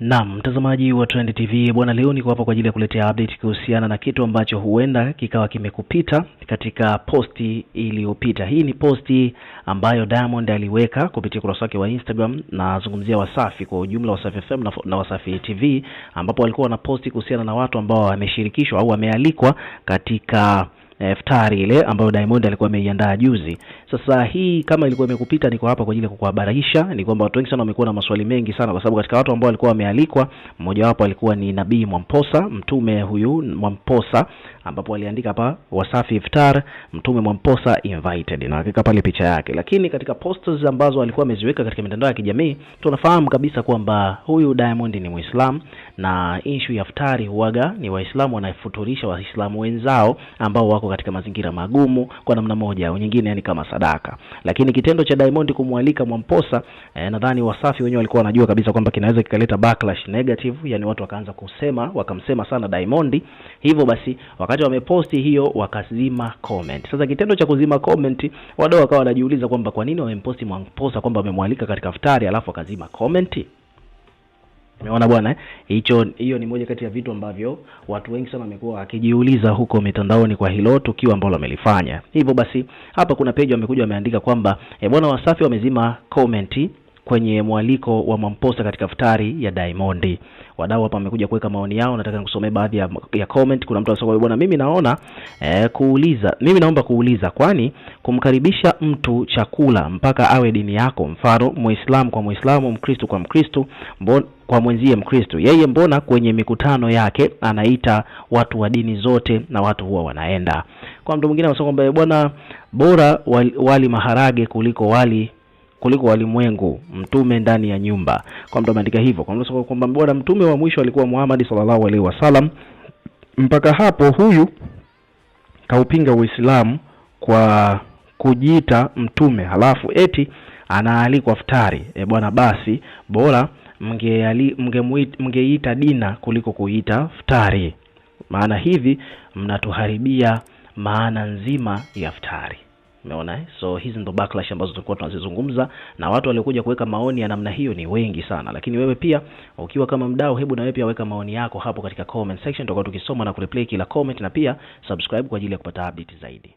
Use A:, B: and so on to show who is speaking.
A: Naam, mtazamaji wa Trend TV bwana, leo niko hapa kwa ajili ya kuletea update kuhusiana na kitu ambacho huenda kikawa kimekupita katika posti iliyopita. Hii ni posti ambayo Diamond aliweka kupitia ukurasa wake wa Instagram, nazungumzia Wasafi kwa ujumla, Wasafi FM na Wasafi TV, ambapo walikuwa wana posti kuhusiana na watu ambao wameshirikishwa au wamealikwa katika e, eh, ftari ile ambayo Diamond alikuwa ameiandaa juzi. Sasa hii kama ilikuwa imekupita, niko hapa kwa ajili ya kukuhabarisha ni kwamba watu wengi sana wamekuwa na maswali mengi sana, kwa sababu katika watu ambao walikuwa wamealikwa, mmoja wapo alikuwa ni Nabii Mwamposa, mtume huyu Mwamposa, ambapo aliandika hapa Wasafi Iftar, mtume Mwamposa invited, na hakika pale picha yake. Lakini katika posters ambazo alikuwa ameziweka katika mitandao ya kijamii, tunafahamu kabisa kwamba huyu Diamond ni Muislam na issue ya iftari huaga ni Waislamu wanafuturisha Waislamu wenzao ambao wako katika mazingira magumu kwa namna moja au nyingine, yani kama sadaka. Lakini kitendo cha Diamond kumwalika Mwamposa eh, nadhani Wasafi wenyewe walikuwa wanajua kabisa kwamba kinaweza kikaleta backlash negative, yani watu wakaanza kusema wakamsema sana Diamond. Hivyo basi wakati wameposti hiyo wakazima comment. Sasa kitendo cha kuzima comment, wadau wakawa wanajiuliza kwamba kwa nini wamemposti Mwamposa kwamba wamemwalika katika iftari alafu akazima comment. Umeona bwana, eh? hicho hiyo ni moja kati ya vitu ambavyo watu wengi sana wamekuwa wakijiuliza huko mitandaoni kwa hilo tukio ambalo wamelifanya. Hivyo basi, hapa kuna page wamekuja wameandika kwamba e, bwana Wasafi wamezima komenti kwenye mwaliko wa Mamposa katika futari ya Diamond. Wadau hapa wamekuja kuweka maoni yao, nataka nikusomee baadhi ya, ya comment. Kuna mtu anasema bwana, mimi naona eh, kuuliza mimi naomba kuuliza, kwani kumkaribisha mtu chakula mpaka awe dini yako, mfano Muislamu kwa Muislamu, Mkristo kwa Mkristo, mbon kwa mwenzie Mkristo yeye, mbona kwenye mikutano yake anaita watu wa dini zote na watu huwa wanaenda. Kwa mtu mwingine anasema kwamba bwana, bora wali, wali maharage kuliko wali kuliko walimwengu, mtume ndani ya nyumba. Kwa mtu ameandika hivyo kwamba bwana mtume wa mwisho alikuwa Muhammad sallallahu alaihi wasallam.
B: Mpaka hapo huyu kaupinga Uislamu kwa kujiita mtume, halafu eti anaalikwa futari. E bwana, basi bora mngeita mge dina kuliko kuita futari, maana hivi mnatuharibia maana nzima ya futari umeona eh? So hizi ndo backlash ambazo tulikuwa tunazizungumza na watu waliokuja kuweka maoni ya namna hiyo ni wengi sana, lakini wewe pia ukiwa kama mdau, hebu na wewe pia weka maoni yako hapo katika comment section, tutakuwa tukisoma na kureplay kila comment, na pia subscribe kwa ajili ya kupata update zaidi.